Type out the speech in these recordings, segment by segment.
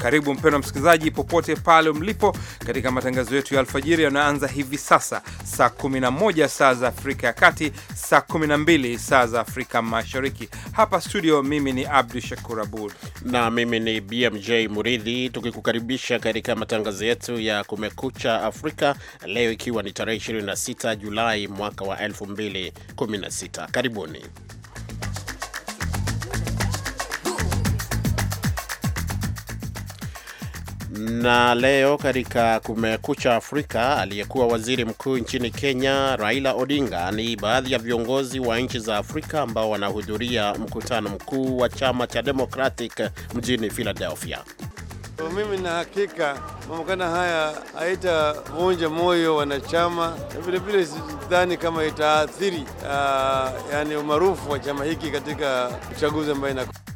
Karibu mpendwa msikilizaji, popote pale mlipo, katika matangazo yetu ya alfajiri yanaanza hivi sasa saa 11 saa za Afrika ya Kati, saa 12 saa za Afrika Mashariki. Hapa studio, mimi ni Abdu Shakur Abud na mimi ni BMJ Muridhi, tukikukaribisha katika matangazo yetu ya Kumekucha Afrika leo, ikiwa ni tarehe 26 Julai mwaka wa 2016. Karibuni. Na leo katika Kumekucha Afrika, aliyekuwa waziri mkuu nchini Kenya Raila Odinga ni baadhi ya viongozi wa nchi za Afrika ambao wanahudhuria mkutano mkuu wa chama cha Democratic mjini Philadelphia. Mimi na hakika mamkana haya haitavunja moyo wanachama, na vilevile sidhani kama itaathiri uh, yani umaarufu wa chama hiki katika uchaguzi ambayo inakuja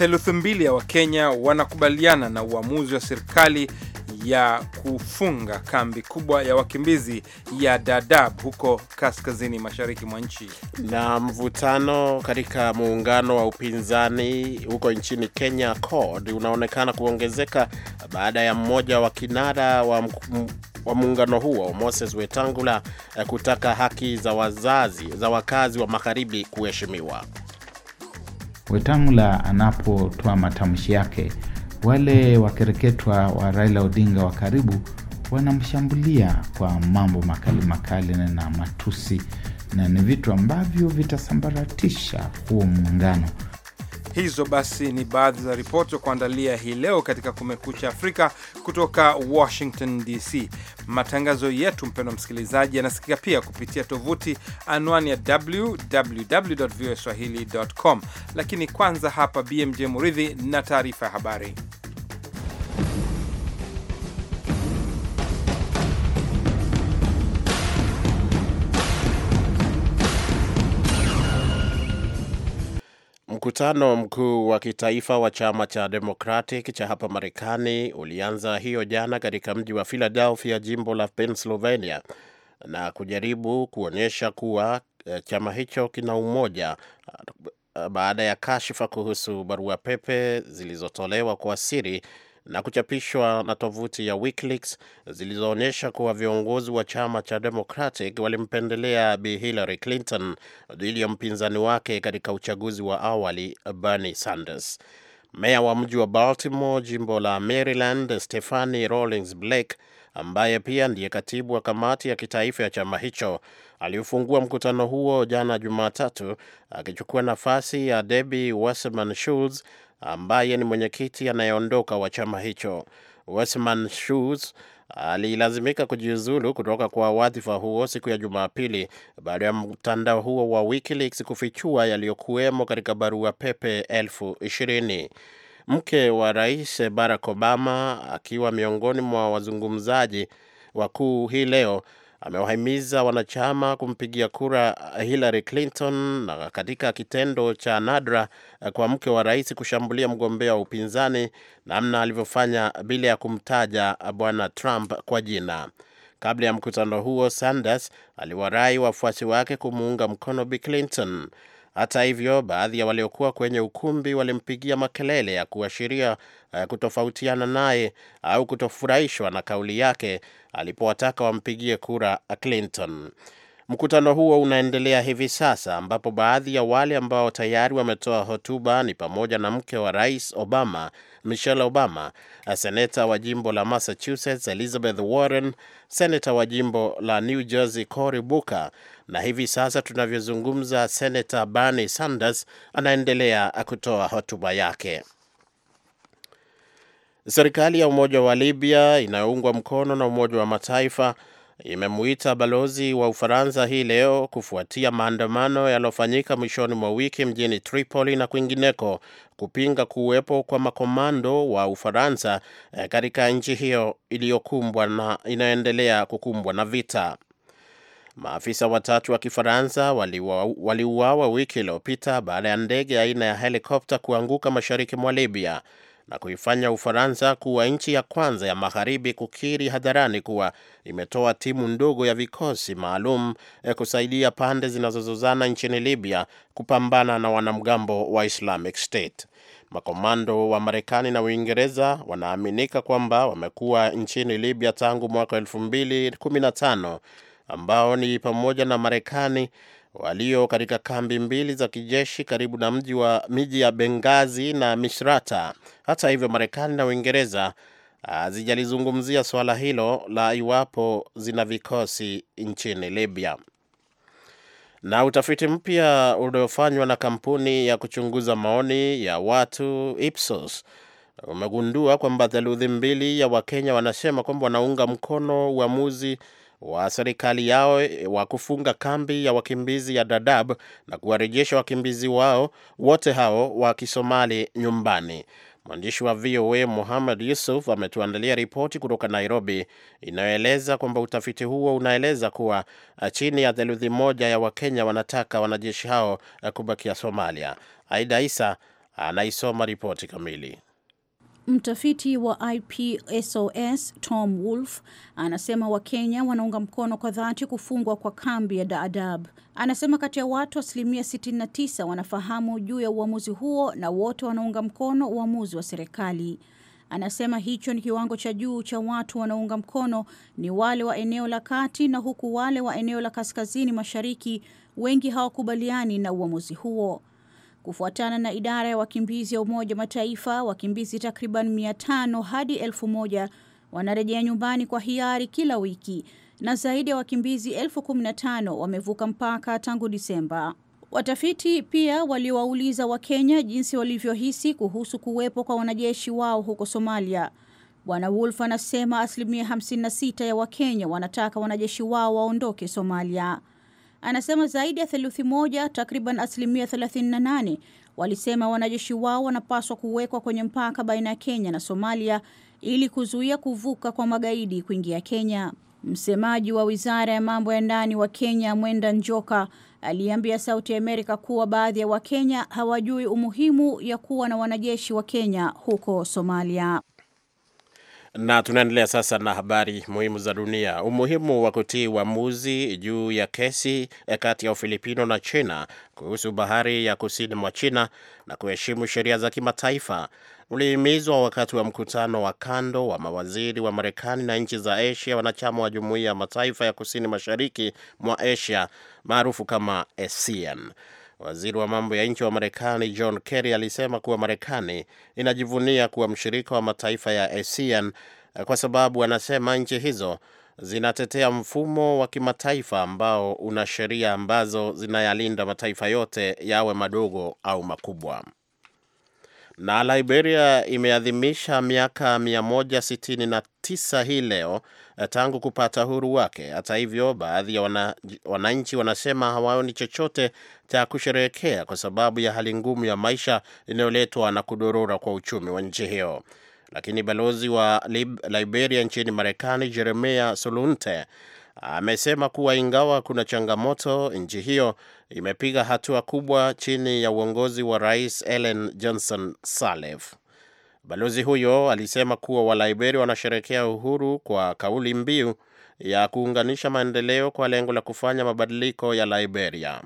theluthi mbili ya Wakenya wanakubaliana na uamuzi wa serikali ya kufunga kambi kubwa ya wakimbizi ya Dadaab huko kaskazini mashariki mwa nchi. Na mvutano katika muungano wa upinzani huko nchini Kenya CORD unaonekana kuongezeka baada ya mmoja wa kinara wa wa muungano huo Moses Wetangula kutaka haki za wazazi za wakazi wa magharibi kuheshimiwa. Wetangula anapotoa matamshi yake, wale wakereketwa wa Raila Odinga wa karibu wanamshambulia kwa mambo makali makali na matusi, na ni vitu ambavyo vitasambaratisha huo muungano. Hizo basi ni baadhi za ripoti za kuandalia hii leo katika Kumekucha Afrika kutoka Washington DC. Matangazo yetu, mpendwa msikilizaji, yanasikika pia kupitia tovuti anwani ya www voa com. Lakini kwanza hapa BMJ Muridhi na taarifa ya habari. Mkutano mkuu wa kitaifa wa chama cha Democratic cha hapa Marekani ulianza hiyo jana katika mji wa Philadelphia, jimbo la Pennsylvania, na kujaribu kuonyesha kuwa eh, chama hicho kina umoja eh, baada ya kashfa kuhusu barua pepe zilizotolewa kwa siri na kuchapishwa na tovuti ya WikiLeaks zilizoonyesha kuwa viongozi wa chama cha Democratic walimpendelea Bi Hillary Clinton dhidi ya mpinzani wake katika uchaguzi wa awali Bernie Sanders. Meya wa mji wa Baltimore, jimbo la Maryland, Stephanie Rawlings Blake ambaye pia ndiye katibu wa kamati ya kitaifa ya chama hicho aliofungua mkutano huo jana Jumatatu akichukua nafasi ya Debbie Wasserman Schultz ambaye ni mwenyekiti anayeondoka wa chama hicho. Wasserman Schultz alilazimika kujiuzulu kutoka kwa wadhifa huo siku ya Jumapili baada ya mtandao huo wa WikiLeaks kufichua yaliyokuwemo katika barua pepe elfu ishirini mke wa rais Barack Obama akiwa miongoni mwa wazungumzaji wakuu hii leo amewahimiza wanachama kumpigia kura Hillary Clinton, na katika kitendo cha nadra kwa mke wa rais kushambulia mgombea wa upinzani namna alivyofanya bila ya kumtaja bwana Trump kwa jina. Kabla ya mkutano huo, Sanders aliwarai wafuasi wake kumuunga mkono Bi Clinton. Hata hivyo, baadhi ya waliokuwa kwenye ukumbi walimpigia makelele ya kuashiria eh, kutofautiana naye au kutofurahishwa na kauli yake alipowataka wampigie kura Clinton. Mkutano huo unaendelea hivi sasa ambapo baadhi ya wale ambao tayari wametoa hotuba ni pamoja na mke wa Rais Obama, Michelle Obama, eh, seneta wa jimbo la Massachusetts Elizabeth Warren, seneta wa jimbo la New Jersey Cory Booker, na hivi sasa tunavyozungumza, Senata Bernie Sanders anaendelea kutoa hotuba yake. Serikali ya Umoja wa Libya inayoungwa mkono na Umoja wa Mataifa imemuita balozi wa Ufaransa hii leo kufuatia maandamano yaliyofanyika mwishoni mwa wiki mjini Tripoli na kwingineko kupinga kuwepo kwa makomando wa Ufaransa eh, katika nchi hiyo iliyokumbwa na inaendelea kukumbwa na vita. Maafisa watatu wa Kifaransa waliuawa wali wiki iliyopita baada ya ndege aina ya helikopta kuanguka mashariki mwa Libya na kuifanya Ufaransa kuwa nchi ya kwanza ya magharibi kukiri hadharani kuwa imetoa timu ndogo ya vikosi maalum eh, kusaidia pande zinazozozana nchini Libya kupambana na wanamgambo wa Islamic State. Makomando wa Marekani na Uingereza wanaaminika kwamba wamekuwa nchini Libya tangu mwaka 2015 ambao ni pamoja na Marekani walio katika kambi mbili za kijeshi karibu na mji wa miji ya Bengazi na mishrata Hata hivyo, Marekani na Uingereza hazijalizungumzia ah, suala hilo la iwapo zina vikosi nchini Libya. Na utafiti mpya uliofanywa na kampuni ya kuchunguza maoni ya watu Ipsos umegundua kwamba theluthi mbili ya Wakenya wanasema kwamba wanaunga mkono uamuzi wa wa serikali yao eh, wa kufunga kambi ya wakimbizi ya Dadaab na kuwarejesha wakimbizi wao wote hao wa Kisomali nyumbani. Mwandishi wa VOA Muhammad Yusuf ametuandalia ripoti kutoka Nairobi inayoeleza kwamba utafiti huo unaeleza kuwa eh, chini ya theluthi moja ya Wakenya wanataka wanajeshi hao eh, kubakia Somalia. Aida Isa anaisoma ripoti kamili. Mtafiti wa IPSOS Tom Wolf anasema Wakenya wanaunga mkono kwa dhati kufungwa kwa kambi ya Dadaab. Anasema kati ya watu asilimia 69 wanafahamu juu ya uamuzi huo na wote wanaunga mkono uamuzi wa serikali. Anasema hicho ni kiwango cha juu cha watu wanaunga mkono, ni wale wa eneo la kati, na huku wale wa eneo la kaskazini mashariki wengi hawakubaliani na uamuzi huo. Kufuatana na idara ya wakimbizi ya Umoja Mataifa, wakimbizi takriban 500 hadi 1000 wanarejea nyumbani kwa hiari kila wiki na zaidi ya wakimbizi elfu wamevuka mpaka tangu Disemba. Watafiti pia waliwauliza Wakenya jinsi walivyohisi kuhusu kuwepo kwa wanajeshi wao huko Somalia. Bwana Wolf anasema asilimia 56 ya Wakenya wanataka wanajeshi wao waondoke Somalia anasema zaidi ya theluthi moja, takriban asilimia 38, walisema wanajeshi wao wanapaswa kuwekwa kwenye mpaka baina ya Kenya na Somalia ili kuzuia kuvuka kwa magaidi kuingia Kenya. Msemaji wa wizara ya mambo ya ndani wa Kenya Mwenda Njoka aliambia Sauti ya Amerika kuwa baadhi ya Wakenya hawajui umuhimu ya kuwa na wanajeshi wa Kenya huko Somalia. Na tunaendelea sasa na habari muhimu za dunia. Umuhimu wa kutii uamuzi juu ya kesi eh, kati ya Ufilipino na China kuhusu bahari ya kusini mwa China na kuheshimu sheria za kimataifa ulihimizwa wakati wa mkutano wa kando wa mawaziri wa Marekani na nchi za Asia wanachama wa Jumuiya ya Mataifa ya Kusini Mashariki mwa Asia maarufu kama ASEAN. Waziri wa mambo ya nje wa Marekani John Kerry alisema kuwa Marekani inajivunia kuwa mshirika wa mataifa ya ASEAN eh, kwa sababu anasema nchi hizo zinatetea mfumo wa kimataifa ambao una sheria ambazo zinayalinda mataifa yote yawe madogo au makubwa. Na Liberia imeadhimisha miaka 169 hii leo eh, tangu kupata huru wake. Hata hivyo, baadhi ya wana, wananchi wanasema hawaoni chochote cha kusherehekea kwa sababu ya hali ngumu ya maisha inayoletwa na kudorora kwa uchumi wa nchi hiyo. Lakini balozi wa Liberia nchini Marekani Jeremia Solunte amesema kuwa ingawa kuna changamoto, nchi hiyo imepiga hatua kubwa chini ya uongozi wa Rais Ellen Johnson Sirleaf. Balozi huyo alisema kuwa Waliberia wanasherekea uhuru kwa kauli mbiu ya kuunganisha maendeleo kwa lengo la kufanya mabadiliko ya Liberia.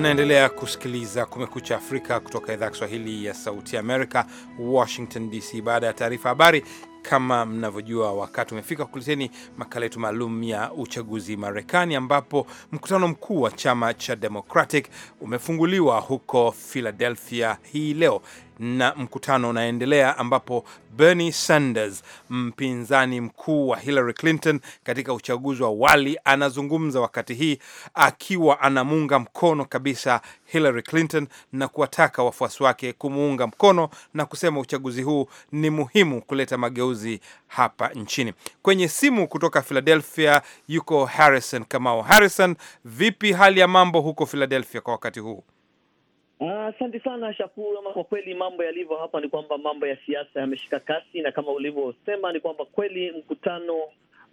Mnaendelea kusikiliza Kumekucha Afrika kutoka idhaa ya Kiswahili ya Sauti Amerika, Washington DC. Baada ya taarifa habari, kama mnavyojua, wakati umefika kukuleteni makala yetu maalum ya uchaguzi Marekani, ambapo mkutano mkuu wa chama cha Democratic umefunguliwa huko Philadelphia hii leo na mkutano unaendelea ambapo Bernie Sanders mpinzani mkuu wa Hillary Clinton katika uchaguzi wa awali anazungumza wakati hii akiwa anamuunga mkono kabisa Hillary Clinton na kuwataka wafuasi wake kumuunga mkono na kusema uchaguzi huu ni muhimu kuleta mageuzi hapa nchini. Kwenye simu kutoka Philadelphia yuko Harrison Kamau. Harrison, vipi hali ya mambo huko Philadelphia kwa wakati huu? Ah, asante uh, sana Shakuru. Ama kwa kweli mambo yalivyo hapa ni kwamba mambo ya siasa yameshika kasi, na kama ulivyosema ni kwamba kweli mkutano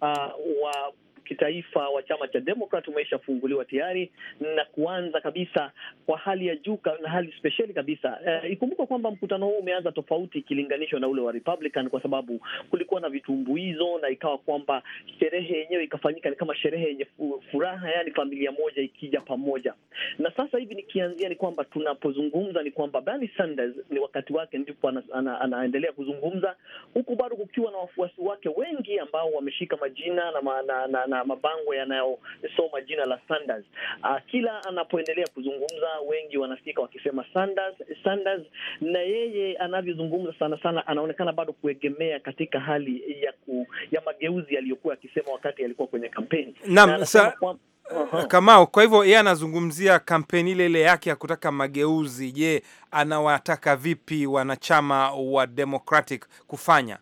uh, wa kitaifa wa chama cha Demokrat umeshafunguliwa tayari na kuanza kabisa kwa hali ya juu na hali spesheli kabisa. Uh, ikumbuka kwamba mkutano huu umeanza tofauti ikilinganishwa na ule wa Republican kwa sababu kulikuwa na vitumbuizo na ikawa kwamba sherehe yenyewe ikafanyika ni kama sherehe yenye furaha, yani familia moja ikija pamoja. Na sasa hivi nikianzia ni kwamba tunapozungumza ni kwamba Bernie Sanders ni wakati wake ndipo ana, ana, anaendelea kuzungumza huku bado kukiwa na wafuasi wake wengi ambao wameshika majina na, na, na, na na mabango yanayosoma jina la Sanders. Uh, kila anapoendelea kuzungumza, wengi wanasikika wakisema Sanders, Sanders, na yeye anavyozungumza sana sana anaonekana bado kuegemea katika hali ya ku, ya mageuzi aliyokuwa akisema wakati alikuwa kwenye kampeni na Kamao. Kwa hivyo yeye anazungumzia kampeni ile ile yake ya kutaka mageuzi. Je, anawataka vipi wanachama wa Democratic kufanya?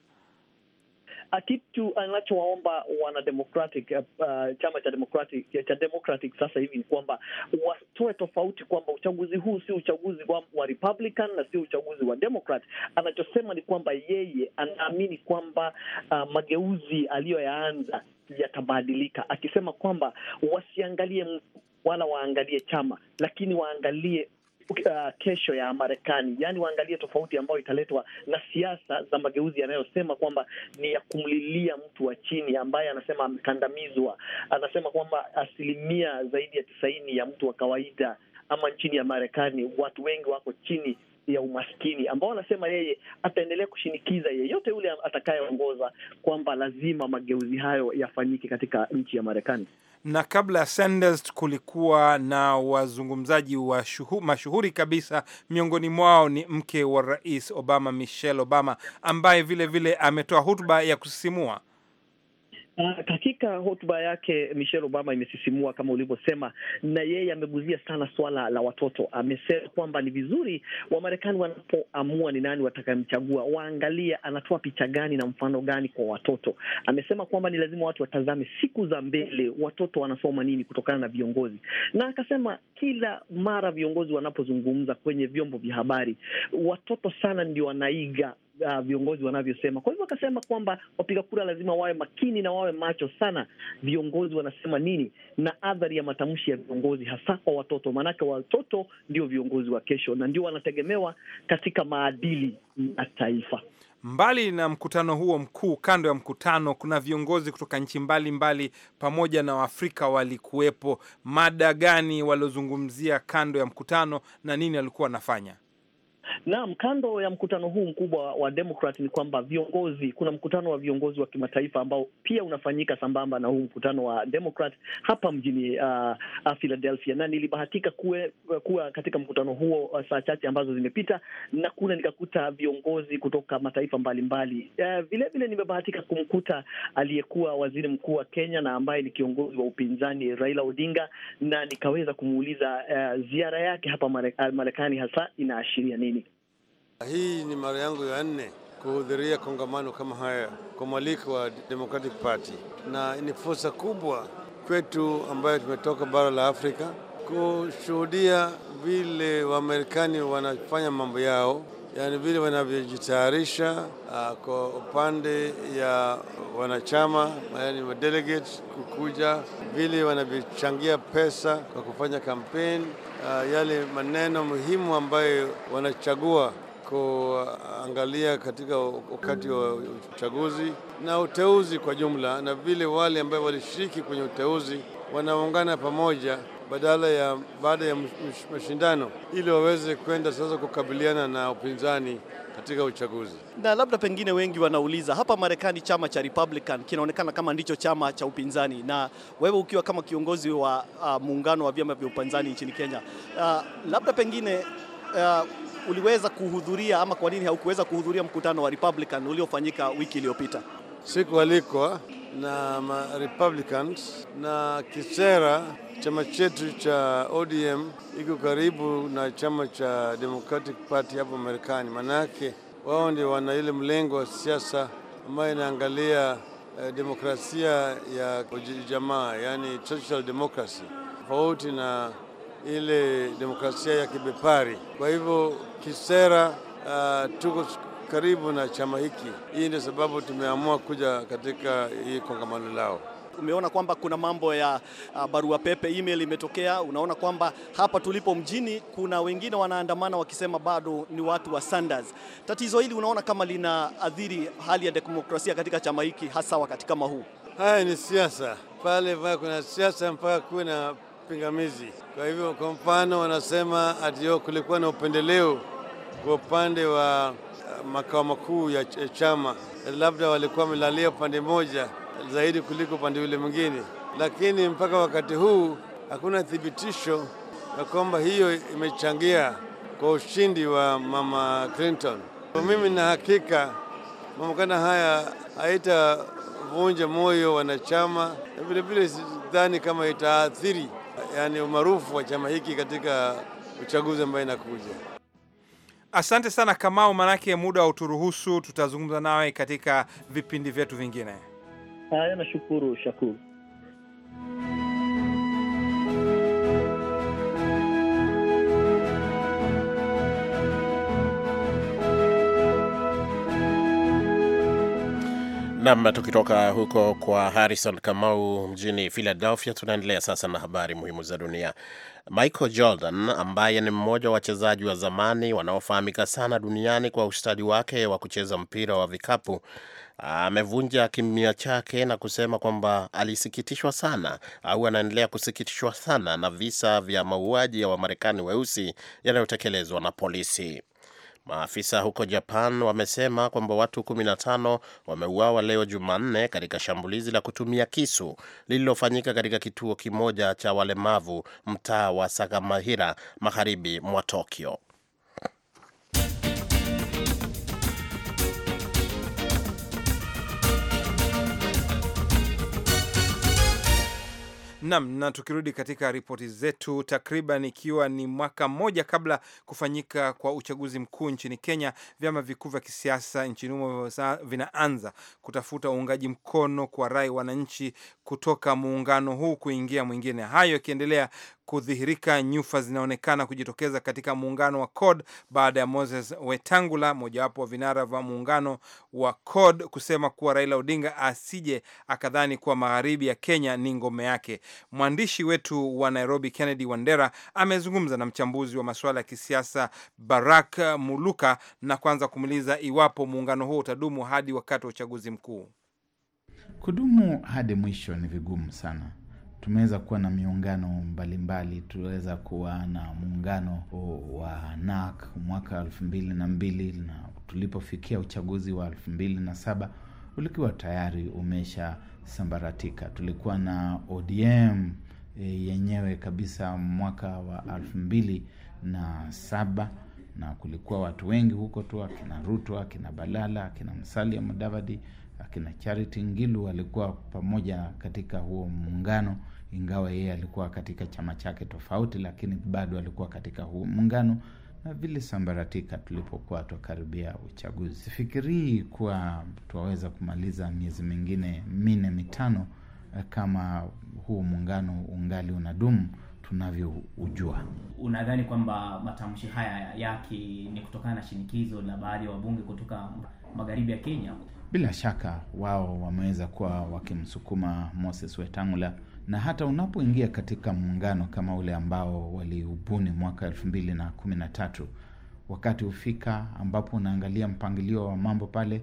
kitu anachowaomba wana Democratic, uh, chama cha Democratic, cha Democratic sasa hivi ni kwamba watoe tofauti kwamba uchaguzi huu si uchaguzi wa Republican na si uchaguzi wa Democrat. Anachosema ni kwamba yeye anaamini kwamba uh, mageuzi aliyoyaanza yatabadilika, akisema kwamba wasiangalie mtu wala waangalie chama, lakini waangalie uh, kesho ya Marekani, yaani waangalie tofauti ambayo italetwa na siasa za mageuzi yanayosema kwamba ni ya kumlilia mtu wa chini ambaye anasema amekandamizwa. Anasema kwamba asilimia zaidi ya tisaini ya mtu wa kawaida ama nchini ya Marekani watu wengi wako chini ya umaskini ambao anasema yeye ataendelea kushinikiza yeyote yule atakayeongoza kwamba lazima mageuzi hayo yafanyike katika nchi ya Marekani na kabla ya Sanders kulikuwa na wazungumzaji wa shuhu, mashuhuri kabisa. Miongoni mwao ni mke wa rais Obama, Michelle Obama, ambaye vilevile ametoa hotuba ya kusisimua. Uh, hotuba yake Michelle Obama imesisimua kama ulivyosema, na yeye ameguzia sana swala la watoto. Amesema kwamba ni vizuri Wamarekani wanapoamua ni nani watakayemchagua waangalie anatoa picha gani na mfano gani kwa watoto. Amesema kwamba ni lazima watu watazame siku za mbele, watoto wanasoma nini kutokana na viongozi, na akasema kila mara viongozi wanapozungumza kwenye vyombo vya habari, watoto sana ndio wanaiga uh, viongozi wanavyosema. Kwa hivyo wakasema kwamba wapiga kura lazima wawe makini na wawe macho sana, viongozi wanasema nini na athari ya matamshi ya viongozi, hasa kwa watoto, maanake watoto ndio viongozi wa kesho na ndio wanategemewa katika maadili ya taifa. Mbali na mkutano huo mkuu, kando ya mkutano kuna viongozi kutoka nchi mbalimbali mbali, pamoja na Waafrika walikuwepo. Mada gani waliozungumzia kando ya mkutano na nini alikuwa anafanya? Naam, kando ya mkutano huu mkubwa wa Demokrat ni kwamba viongozi, kuna mkutano wa viongozi wa kimataifa ambao pia unafanyika sambamba na huu mkutano wa Demokrat hapa mjini uh, uh, Philadelphia, na nilibahatika kuwe, kuwa katika mkutano huo uh, saa chache ambazo zimepita, na kule nikakuta viongozi kutoka mataifa mbalimbali vilevile. Uh, vile nimebahatika kumkuta aliyekuwa waziri mkuu wa Kenya na ambaye ni kiongozi wa upinzani Raila Odinga, na nikaweza kumuuliza uh, ziara yake hapa Marekani hasa inaashiria nini. Hii ni mara yangu ya nne kuhudhuria kongamano kama haya kwa mwaliko wa Democratic Party, na ni fursa kubwa kwetu ambayo tumetoka bara la Afrika kushuhudia vile Wamarekani wanafanya mambo yao, yaani vile wanavyojitayarisha ah, kwa upande ya wanachama, yaani wa delegates kukuja, vile wanavyochangia pesa kwa kufanya kampeni ah, yale maneno muhimu ambayo wanachagua kuangalia katika wakati wa uchaguzi na uteuzi kwa jumla, na vile wale ambao walishiriki kwenye uteuzi wanaungana pamoja badala ya baada ya mashindano ili waweze kwenda sasa kukabiliana na upinzani katika uchaguzi. Na labda pengine wengi wanauliza hapa Marekani, chama cha Republican kinaonekana kama ndicho chama cha upinzani, na wewe ukiwa kama kiongozi wa uh, muungano wa vyama vya upinzani nchini Kenya, uh, labda pengine uh, uliweza kuhudhuria ama kwa nini haukuweza kuhudhuria mkutano wa Republican uliofanyika wiki iliyopita? Sikualikwa na ma Republicans na kisera chama chetu cha ODM iko karibu na chama cha Democratic Party hapo Marekani. Manake wao ndio wana ile mlengo wa siasa ambayo inaangalia eh, demokrasia ya jamaa, yani social democracy, tofauti na ile demokrasia ya kibepari. Kwa hivyo kisera, uh, tuko karibu na chama hiki. Hii ndio sababu tumeamua kuja katika hii kongamano lao. Umeona kwamba kuna mambo ya ah, barua pepe, email imetokea. Unaona kwamba hapa tulipo mjini kuna wengine wanaandamana wakisema bado ni watu wa Sanders. Tatizo hili unaona kama linaathiri hali ya demokrasia katika chama hiki, hasa wakati kama huu? Haya ni siasa pale, kuna siasa mpaka kuwe na pingamizi. Kwa hivyo, kwa mfano, wanasema atio kulikuwa na upendeleo kwa upande wa eh, makao makuu ya eh, chama, labda walikuwa wamelalia upande moja zaidi kuliko upande ule mwingine, lakini mpaka wakati huu hakuna thibitisho ya kwamba hiyo imechangia kwa ushindi wa mama Clinton. Kwa mimi na hakika kana haya haitavunja moyo wanachama, na vilevile sidhani kama itaathiri yani umaarufu wa chama hiki katika uchaguzi ambayo inakuja. Asante sana Kamau, maanake muda uturuhusu, tutazungumza nawe katika vipindi vyetu vingine. Haya, nashukuru Shakuru. Nam, tukitoka huko kwa Harrison Kamau mjini Philadelphia, tunaendelea sasa na habari muhimu za dunia. Michael Jordan ambaye ni mmoja wa wachezaji wa zamani wanaofahamika sana duniani kwa ustadi wake wa kucheza mpira wa vikapu amevunja kimya chake na kusema kwamba alisikitishwa sana au anaendelea kusikitishwa sana na visa vya mauaji ya Wamarekani weusi yanayotekelezwa na polisi. Maafisa huko Japan wamesema kwamba watu 15 wameuawa leo Jumanne katika shambulizi la kutumia kisu lililofanyika katika kituo kimoja cha walemavu mtaa wa Sagamihara magharibi mwa Tokyo. Nam, na tukirudi katika ripoti zetu, takriban ikiwa ni mwaka mmoja kabla kufanyika kwa uchaguzi mkuu nchini Kenya, vyama vikuu vya kisiasa nchini humo vinaanza kutafuta uungaji mkono kwa rai wananchi kutoka muungano huu kuingia mwingine. Hayo yakiendelea kudhihirika, nyufa zinaonekana kujitokeza katika muungano wa CORD baada ya Moses Wetangula, mojawapo wa vinara vya muungano wa CORD, kusema kuwa Raila Odinga asije akadhani kuwa magharibi ya Kenya ni ngome yake. Mwandishi wetu wa Nairobi, Kennedy Wandera, amezungumza na mchambuzi wa masuala ya kisiasa Barak Muluka na kwanza kumuuliza iwapo muungano huo utadumu hadi wakati wa uchaguzi mkuu kudumu hadi mwisho ni vigumu sana. Tumeweza kuwa na miungano mbalimbali, tuliweza kuwa na muungano wa nak mwaka elfu mbili na mbili na tulipofikia uchaguzi wa elfu mbili na saba ulikiwa tayari umeshasambaratika. Tulikuwa na ODM eh, yenyewe kabisa mwaka wa elfu mbili na saba na kulikuwa watu wengi huko tu, akina rutwa akina Balala, akina msalia Mudavadi akina Charity Ngilu alikuwa pamoja katika huo muungano, ingawa yeye alikuwa katika chama chake tofauti, lakini bado alikuwa katika huo muungano na vile sambaratika tulipokuwa tukaribia uchaguzi. Sifikirii kuwa twaweza kumaliza miezi mingine minne mitano eh, kama huu muungano ungali unadumu tunavyoujua. Unadhani kwamba matamshi haya yake ni kutokana na shinikizo la baadhi ya wabunge kutoka magharibi ya Kenya? Bila shaka wao wameweza kuwa wakimsukuma Moses Wetangula, na hata unapoingia katika muungano kama ule ambao waliubuni mwaka elfu mbili na kumi na tatu, wakati hufika ambapo unaangalia mpangilio wa mambo pale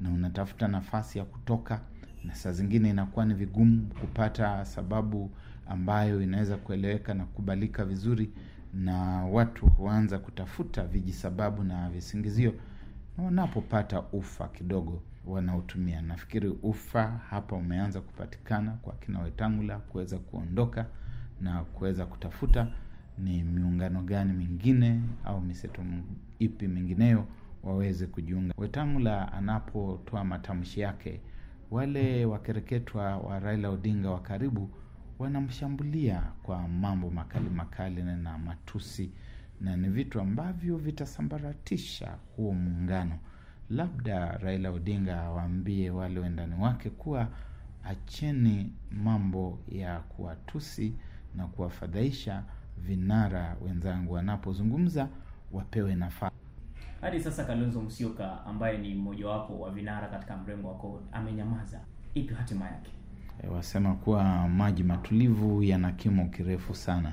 na unatafuta nafasi ya kutoka, na saa zingine inakuwa ni vigumu kupata sababu ambayo inaweza kueleweka na kukubalika vizuri, na watu huanza kutafuta vijisababu na visingizio, na wanapopata ufa kidogo wanaotumia. Nafikiri ufa hapa umeanza kupatikana kwa kina Wetangula kuweza kuondoka na kuweza kutafuta ni miungano gani mingine au miseto ipi mingineyo waweze kujiunga. Wetangula anapotoa matamshi yake, wale wakereketwa wa Raila Odinga wa karibu wanamshambulia kwa mambo makali makali na matusi, na ni vitu ambavyo vitasambaratisha huo muungano labda Raila Odinga awaambie wale wendani wake kuwa acheni mambo ya kuwatusi na kuwafadhaisha vinara wenzangu, wanapozungumza wapewe nafasi. Hadi sasa Kalonzo Musyoka ambaye ni mmojawapo wa vinara katika mrengo wako amenyamaza, ipi hatima yake? Wasema kuwa maji matulivu yana kimo kirefu sana,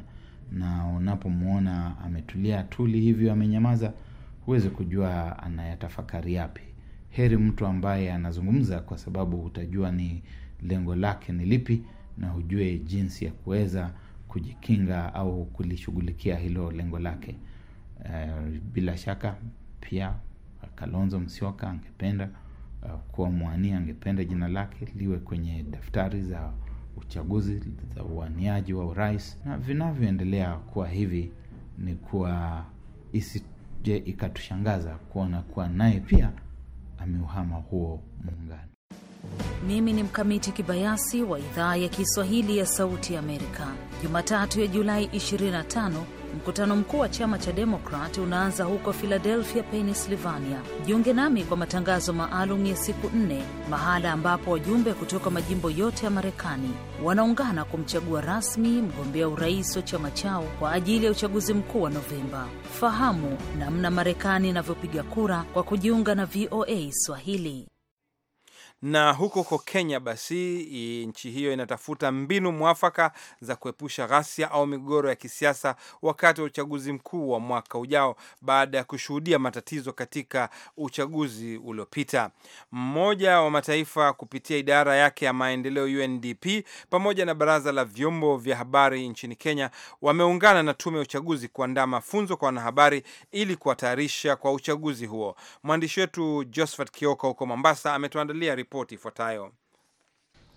na unapomwona ametulia tuli hivyo amenyamaza huwezi kujua anayatafakari yapi. Heri mtu ambaye anazungumza, kwa sababu utajua ni lengo lake ni lipi na hujue jinsi ya kuweza kujikinga au kulishughulikia hilo lengo lake. Uh, bila shaka pia Kalonzo msioka angependa uh, kuwa mwania, angependa jina lake liwe kwenye daftari za uchaguzi za uaniaji wa urais na vinavyoendelea kuwa hivi ni kuwa isi Je, ikatushangaza kuona kuwa naye pia ameuhama huo muungano. Mimi ni Mkamiti Kibayasi wa idhaa ya Kiswahili ya Sauti Amerika. Jumatatu ya Julai 25 Mkutano mkuu wa chama cha Demokrat unaanza huko Philadelphia, Pennsylvania. Jiunge nami kwa matangazo maalum ya siku nne, mahala ambapo wajumbe kutoka majimbo yote ya Marekani wanaungana kumchagua rasmi mgombea urais wa chama chao kwa ajili ya uchaguzi mkuu wa Novemba. Fahamu namna Marekani inavyopiga kura kwa kujiunga na VOA Swahili. Na huko huko Kenya, basi nchi hiyo inatafuta mbinu mwafaka za kuepusha ghasia au migogoro ya kisiasa wakati wa uchaguzi mkuu wa mwaka ujao baada ya kushuhudia matatizo katika uchaguzi uliopita. Mmoja wa mataifa kupitia idara yake ya maendeleo UNDP pamoja na baraza la vyombo vya habari nchini Kenya wameungana na tume ya uchaguzi kuandaa mafunzo kwa wanahabari ili kuwatayarisha kwa uchaguzi huo. Mwandishi wetu Josephat Kioko huko Mombasa ametuandalia ripoti ifuatayo.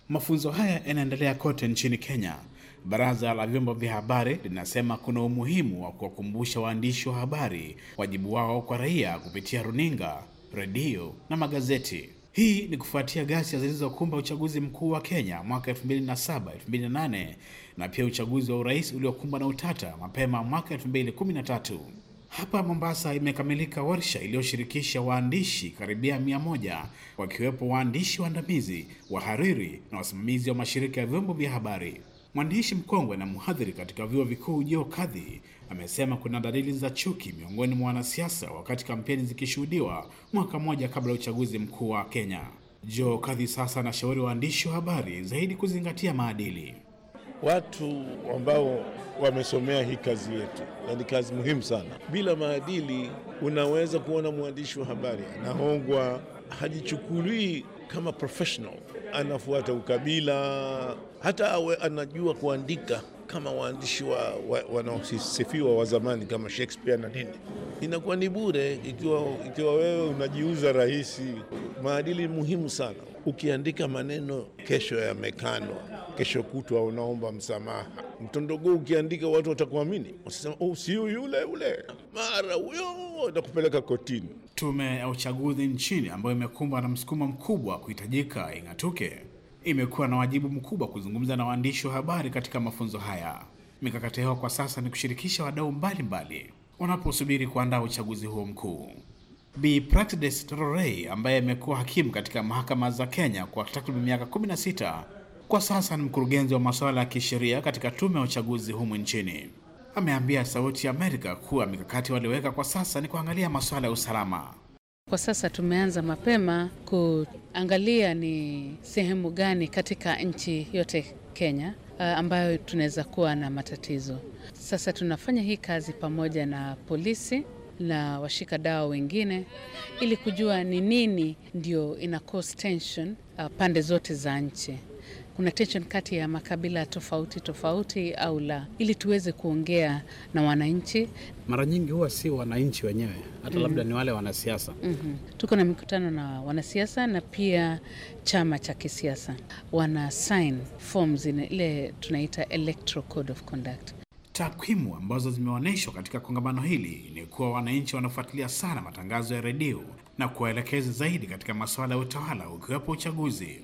Mafunzo haya yanaendelea kote nchini Kenya. Baraza la vyombo vya habari linasema kuna umuhimu wa kuwakumbusha waandishi wa habari wajibu wao kwa raia kupitia runinga, redio na magazeti. Hii ni kufuatia ghasia zilizokumba uchaguzi mkuu wa Kenya mwaka 2007, 2008 na pia uchaguzi wa urais uliokumbwa na utata mapema mwaka 2013. Hapa Mombasa imekamilika warsha iliyoshirikisha waandishi karibia mia moja wakiwepo waandishi waandamizi, wahariri na wasimamizi wa mashirika ya vyombo vya habari. Mwandishi mkongwe na mhadhiri katika vyuo vikuu Joe Kadhi amesema kuna dalili za chuki miongoni mwa wanasiasa wakati kampeni zikishuhudiwa mwaka mmoja kabla ya uchaguzi mkuu wa Kenya. Joe Kadhi sasa anashauri waandishi wa habari zaidi kuzingatia maadili watu ambao wamesomea hii kazi yetu, na ni kazi muhimu sana. Bila maadili, unaweza kuona mwandishi wa habari anahongwa, hajichukulii kama professional, anafuata ukabila, hata awe anajua kuandika kama waandishi wa, wa, wanaosifiwa wa zamani kama Shakespeare na nini, inakuwa ni bure ikiwa, ikiwa wewe unajiuza rahisi. Maadili muhimu sana ukiandika maneno kesho yamekanwa, kesho kutwa unaomba msamaha. Mtondogo ukiandika watu watakuamini, wasisema oh, si yule yule, mara huyo atakupeleka kotini. Tume ya uchaguzi nchini ambayo imekumbwa na msukumo mkubwa wa kuhitajika ing'atuke, imekuwa na wajibu mkubwa kuzungumza na waandishi wa habari katika mafunzo haya. Mikakati yao kwa sasa ni kushirikisha wadau mbalimbali wanaposubiri kuandaa uchaguzi huo mkuu. Bi Praxedes Tororei ambaye amekuwa hakimu katika mahakama za Kenya kwa takriban miaka 16, kwa sasa ni mkurugenzi wa masuala ya kisheria katika tume ya uchaguzi humu nchini, ameambia Sauti ya Amerika kuwa mikakati walioweka kwa sasa ni kuangalia masuala ya usalama. Kwa sasa tumeanza mapema kuangalia ni sehemu gani katika nchi yote Kenya ah, ambayo tunaweza kuwa na matatizo. Sasa tunafanya hii kazi pamoja na polisi na washika dawa wengine ili kujua ni nini ndio ina cause tension uh, pande zote za nchi. Kuna tension kati ya makabila tofauti tofauti au la, ili tuweze kuongea na wananchi. Mara nyingi huwa si wananchi wenyewe, hata labda mm -hmm. ni wale wanasiasa mm -hmm. Tuko na mikutano na wanasiasa na pia chama cha kisiasa, wana sign forms ile tunaita electoral code of conduct Takwimu ambazo zimeonyeshwa katika kongamano hili ni kuwa wananchi wanafuatilia sana matangazo ya redio na kuwaelekeza zaidi katika masuala ya utawala ukiwepo uchaguzi.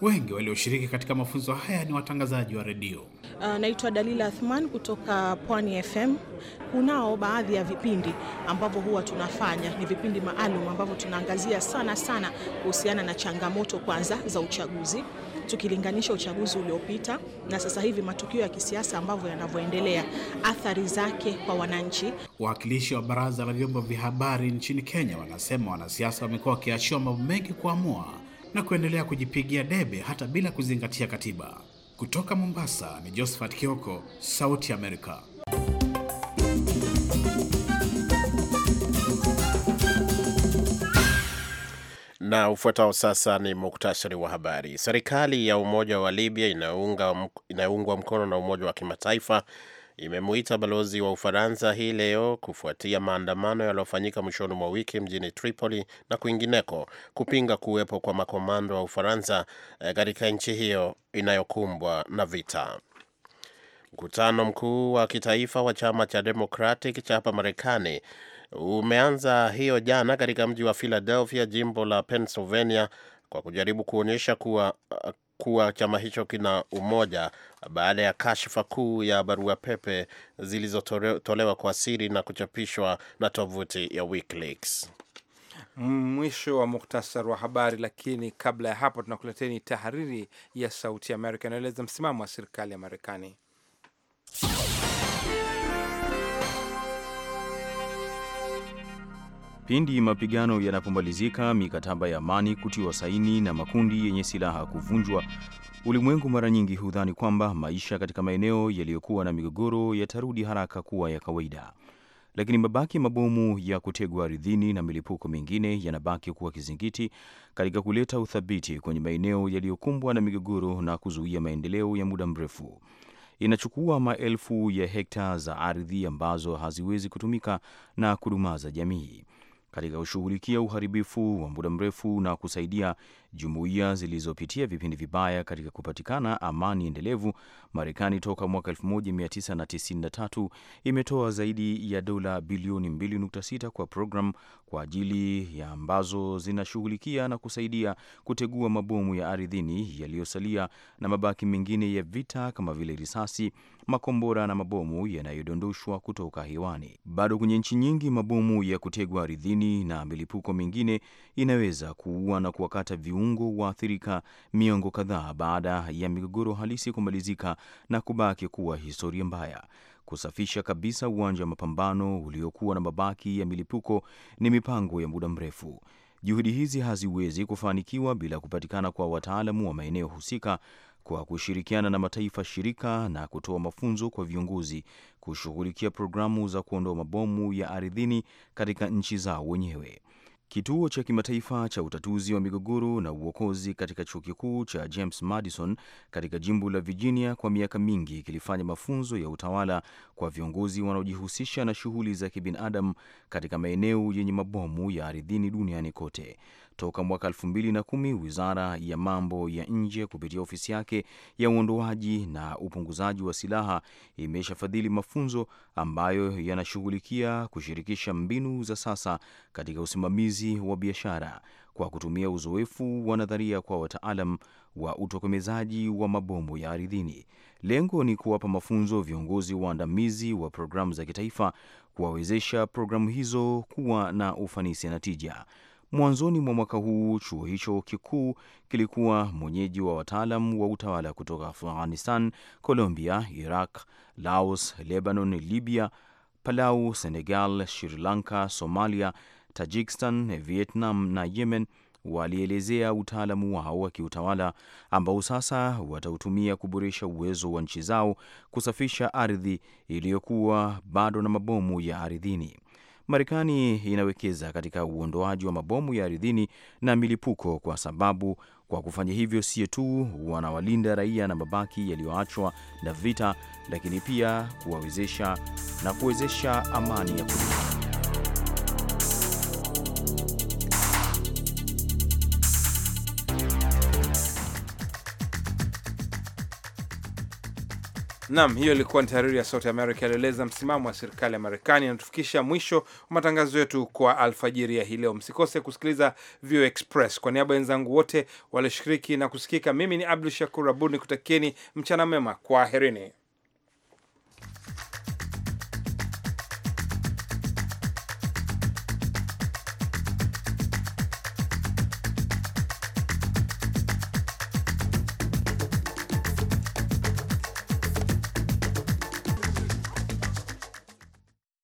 Wengi walioshiriki katika mafunzo haya ni watangazaji wa redio. Uh, naitwa Dalila Athman kutoka Pwani FM. Kunao baadhi ya vipindi ambavyo huwa tunafanya, ni vipindi maalum ambavyo tunaangazia sana sana kuhusiana na changamoto kwanza za uchaguzi tukilinganisha uchaguzi uliopita na sasa hivi matukio ya kisiasa ambavyo yanavyoendelea, athari zake kwa wananchi. Wawakilishi wa baraza la vyombo vya habari nchini Kenya wanasema wanasiasa wamekuwa wakiachiwa mambo mengi kuamua na kuendelea kujipigia debe hata bila kuzingatia katiba. Kutoka Mombasa ni Josephat Kioko, Sauti ya Amerika. Na ufuatao sasa ni muktasari wa habari. Serikali ya umoja wa Libya inayoungwa inaungwa mkono na umoja wa kimataifa imemuita balozi wa Ufaransa hii leo kufuatia maandamano yaliyofanyika mwishoni mwa wiki mjini Tripoli na kwingineko kupinga kuwepo kwa makomando wa Ufaransa eh, katika nchi hiyo inayokumbwa na vita. Mkutano mkuu wa kitaifa wa chama cha Democratic cha hapa Marekani umeanza hiyo jana katika mji wa Philadelphia, jimbo la Pennsylvania, kwa kujaribu kuonyesha kuwa kuwa chama hicho kina umoja baada ya kashfa kuu ya barua pepe zilizotolewa kwa siri na kuchapishwa na tovuti ya WikiLeaks. Mwisho wa muktasar wa habari. Lakini kabla ya hapo, tunakuleteni tahariri ya Sauti ya Amerika inaeleza msimamo wa serikali ya Marekani. Pindi mapigano yanapomalizika, mikataba ya amani kutiwa saini na makundi yenye silaha kuvunjwa, ulimwengu mara nyingi hudhani kwamba maisha katika maeneo yaliyokuwa na migogoro yatarudi haraka kuwa ya kawaida, lakini mabaki mabomu ya kutegwa ardhini na milipuko mingine yanabaki kuwa kizingiti katika kuleta uthabiti kwenye maeneo yaliyokumbwa na migogoro na kuzuia maendeleo ya muda mrefu. Inachukua maelfu ya hekta za ardhi ambazo haziwezi kutumika na kudumaza jamii katika kushughulikia uharibifu wa muda mrefu na kusaidia jumuiya zilizopitia vipindi vibaya katika kupatikana amani endelevu. Marekani toka mwaka 1993 imetoa zaidi ya dola bilioni 2.6 kwa programu kwa ajili ya ambazo zinashughulikia na kusaidia kutegua mabomu ya ardhini yaliyosalia na mabaki mengine ya vita kama vile risasi, makombora na mabomu yanayodondoshwa kutoka hewani. Bado kwenye nchi nyingi, mabomu ya kutegwa ardhini na milipuko mingine inaweza kuua na kuwakata viungo muungo waathirika miongo kadhaa baada ya migogoro halisi kumalizika na kubaki kuwa historia mbaya. Kusafisha kabisa uwanja wa mapambano uliokuwa na mabaki ya milipuko ni mipango ya muda mrefu. Juhudi hizi haziwezi kufanikiwa bila kupatikana kwa wataalamu wa maeneo husika kwa kushirikiana na mataifa shirika na kutoa mafunzo kwa viongozi kushughulikia programu za kuondoa mabomu ya ardhini katika nchi zao wenyewe. Kituo cha kimataifa cha utatuzi wa migogoro na uokozi katika chuo kikuu cha James Madison katika jimbo la Virginia kwa miaka mingi kilifanya mafunzo ya utawala kwa viongozi wanaojihusisha na shughuli za kibinadamu katika maeneo yenye mabomu ya ardhini duniani kote. Toka mwaka 2010 wizara ya mambo ya nje kupitia ofisi yake ya uondoaji na upunguzaji wa silaha imeshafadhili mafunzo ambayo yanashughulikia kushirikisha mbinu za sasa katika usimamizi wa biashara kwa kutumia uzoefu wa nadharia kwa wataalam wa utokomezaji wa mabomu ya ardhini. Lengo ni kuwapa mafunzo viongozi waandamizi wa, wa programu za kitaifa, kuwawezesha programu hizo kuwa na ufanisi na tija. Mwanzoni mwa mwaka huu chuo hicho kikuu kilikuwa mwenyeji wa wataalam wa utawala kutoka Afghanistan, Colombia, Iraq, Laos, Lebanon, Libya, Palau, Senegal, Sri Lanka, Somalia, Tajikistan, Vietnam na Yemen walielezea utaalamu wao wa kiutawala ambao sasa watautumia kuboresha uwezo wa nchi zao kusafisha ardhi iliyokuwa bado na mabomu ya ardhini. Marekani inawekeza katika uondoaji wa mabomu ya ardhini na milipuko, kwa sababu kwa kufanya hivyo sio tu wanawalinda raia na mabaki yaliyoachwa na vita, lakini pia kuwawezesha na kuwezesha amani ya kudumu. Nam, hiyo ilikuwa ni tahariri ya Sauti Amerika alieleza msimamo wa serikali ya Marekani. Anatufikisha mwisho wa matangazo yetu kwa alfajiri ya hii leo. Msikose kusikiliza VOA Express. Kwa niaba ya wenzangu wote walioshiriki na kusikika, mimi ni Abdu Shakur Abud nikutakieni mchana mema, kwaherini.